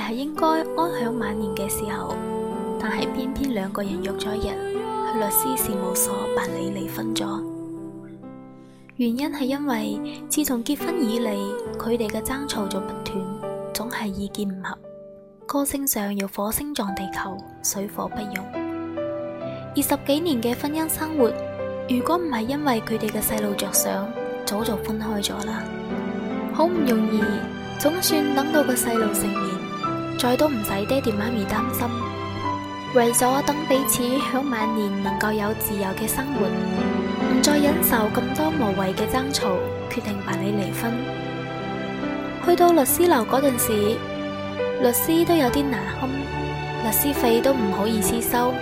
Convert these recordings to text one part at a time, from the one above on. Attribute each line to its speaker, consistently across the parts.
Speaker 1: 係應該安享晚年嘅時候，但係偏偏兩個人約咗日去律師事務所辦理離婚咗。原因係因為自從結婚以嚟，佢哋嘅爭吵就不斷，總係意見唔合，個性上又火星撞地球，水火不容。二十幾年嘅婚姻生活，如果唔係因為佢哋嘅細路着想，早就分開咗啦。好唔容易，總算等到個細路成年。再都唔使爹哋媽咪擔心，為咗等彼此響晚年能夠有自由嘅生活，唔再忍受咁多無謂嘅爭吵，決定辦理離婚。去到律師樓嗰陣時，律師都有啲難堪，律師費都唔好意思收。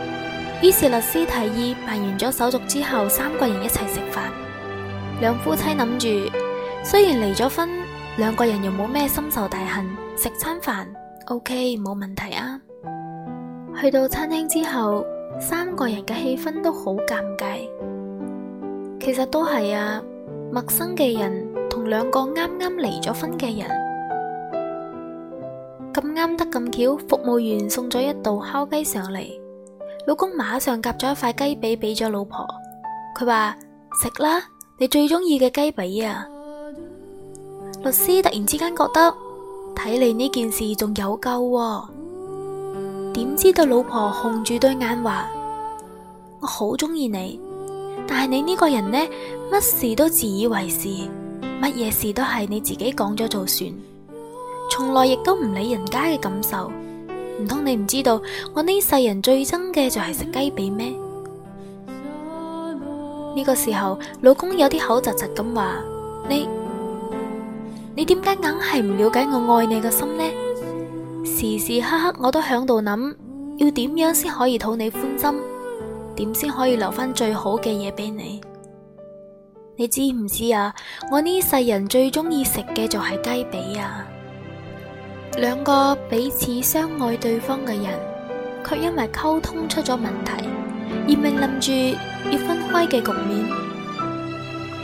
Speaker 1: 於是律師提議辦完咗手續之後，三個人一齊食飯。兩夫妻諗住，雖然離咗婚，兩個人又冇咩深仇大恨，食餐飯。OK，冇問題啊！去到餐廳之後，三個人嘅氣氛都好尷尬。其實都係啊，陌生嘅人同兩個啱啱離咗婚嘅人，咁啱得咁巧，服務員送咗一道烤雞上嚟，老公馬上夾咗一塊雞髀俾咗老婆，佢話，食啦，你最鍾意嘅雞髀啊！律師突然之間覺得。睇嚟呢件事仲有救喎，點知道老婆紅住對眼話我好中意你，但係你呢個人呢，乜事都自以為是，乜嘢事都係你自己講咗就算，從來亦都唔理人家嘅感受。唔通你唔知道我呢世人最憎嘅就係食雞髀咩？呢個時候，老公有啲口窒窒咁話你。你點解硬係唔了解我愛你嘅心呢？時時刻刻我都響度諗，要點樣先可以討你歡心，點先可以留翻最好嘅嘢俾你？你知唔知啊？我呢世人最中意食嘅就係雞髀啊！兩個彼此相愛對方嘅人，卻因為溝通出咗問題，而面臨住要分開嘅局面。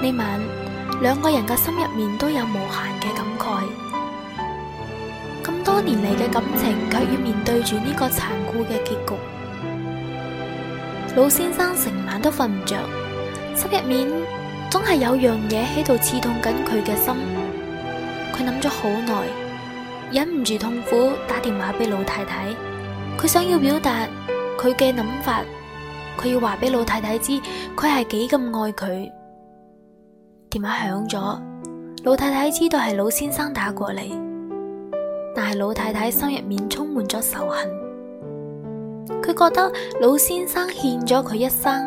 Speaker 1: 呢晚。兩個人嘅心入面都有無限嘅感慨，咁多年嚟嘅感情，卻要面對住呢個殘酷嘅結局。老先生成晚都瞓唔着，心入面總係有樣嘢喺度刺痛緊佢嘅心。佢諗咗好耐，忍唔住痛苦，打電話俾老太太。佢想要表達佢嘅諗法，佢要話俾老太太知佢係幾咁愛佢。電話響咗，老太太知道係老先生打過嚟，但係老太太心入面充滿咗仇恨。佢覺得老先生欠咗佢一生，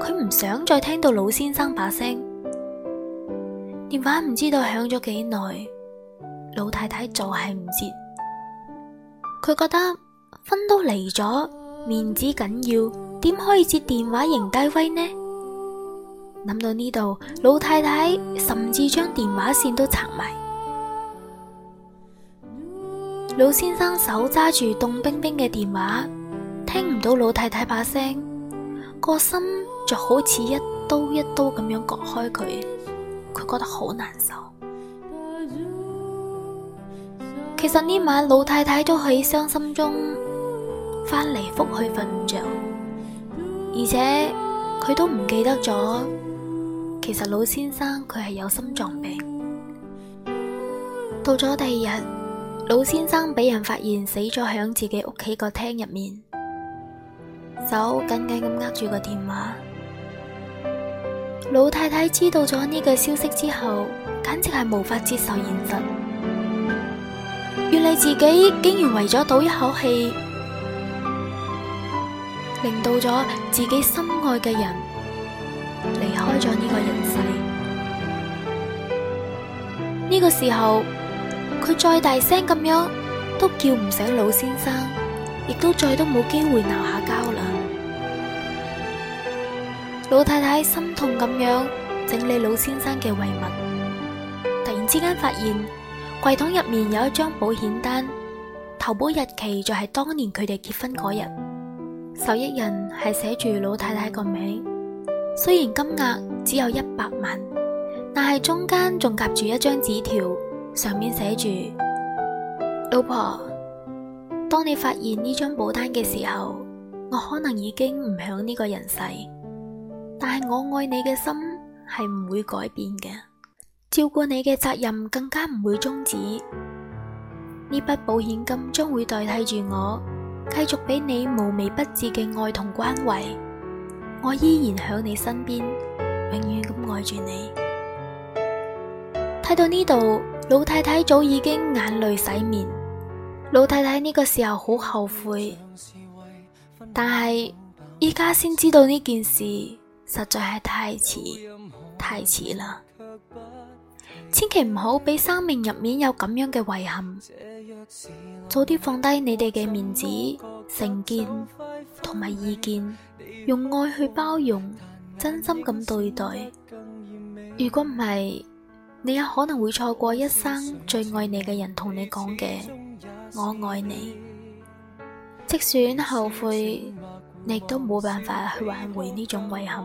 Speaker 1: 佢唔想再聽到老先生把聲。電話唔知道響咗幾耐，老太太就係唔接。佢覺得分都離咗，面子緊要，點可以接電話認低威呢？諗到呢度，老太太甚至將電話線都拆埋。老先生手揸住凍冰冰嘅電話，聽唔到老太太把聲，個心就好似一刀一刀咁樣割開佢，佢覺得好難受。其實呢晚，老太太都喺傷心中翻嚟覆去，瞓唔着，而且佢都唔記得咗。其實老先生佢係有心臟病。到咗第二日，老先生俾人發現死咗響自己屋企個廳入面，手緊緊咁握住個電話。老太太知道咗呢個消息之後，簡直係無法接受現實。原嚟，自己竟然為咗賭一口氣，令到咗自己心愛嘅人離開咗呢個人世，呢 個時候佢再大聲咁樣都叫唔醒老先生，亦都再都冇機會鬧下交啦。 老太太心痛咁樣整理老先生嘅遺物，突然之間發現櫃桶入面有一張保險單，投保日期就係當年佢哋結婚嗰日，受益人係寫住老太太個名。雖然金額只有一百萬，但係中間仲夾住一張紙條，上面寫住：老婆，當你發現呢張保單嘅時候，我可能已經唔響呢個人世，但係我愛你嘅心係唔會改變嘅，照顧你嘅責任更加唔會終止。呢筆保險金將會代替住我，繼續俾你無微不至嘅愛同關懷。我依然響你身邊，永遠咁愛住你。睇到呢度，老太太早已經眼淚洗面。老太太呢個時候好後悔，但係依家先知道呢件事，實在係太遲，太遲啦。千祈唔好俾生命入面有咁樣嘅遺憾，早啲放低你哋嘅面子、成見同埋意見，用愛去包容，真心咁對待。如果唔係，你有可能會錯過一生最愛你嘅人同你講嘅“我愛你”，即使後悔，你都冇辦法去挽回呢種遺憾。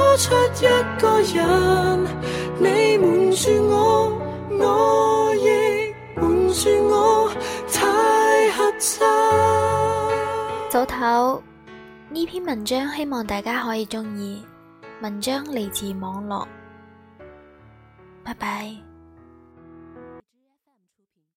Speaker 1: 早唞，呢篇文章希望大家可以鍾意，文章嚟自網絡，拜拜。